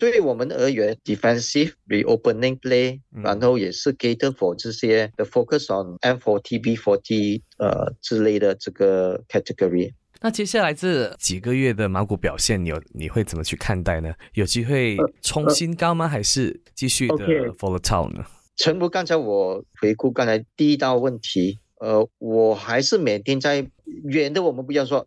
對我們而言、嗯、，defensive reopening play，然後也是 cater for 這些的 focus on M40、B40 呃之類的這個 category。那接下來這幾個月的馬股表現，你有，你會怎麼去看待呢？有機會衝新高嗎、呃呃？還是繼續的 volatile 呢？陳伯，剛才我回顧剛才第一道問題，呃，我還是每天在遠的，我們不要說。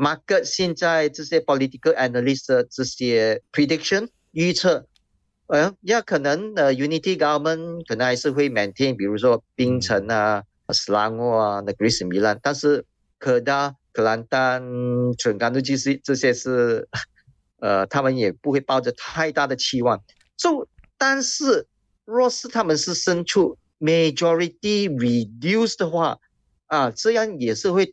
market 現在這些 political analyst 的這些 prediction 預測，呃，有可能的、呃、unity government 可能還是會 maintain，比如說檳城啊、斯拉沃啊、那格里斯米蘭，但是吉打、吉蘭丹、全甘杜基斯這些是，呃，他們也不會抱着太大的期望。就、so, 但是若是他們是身處 majority reduced 的話，啊，這樣也是會。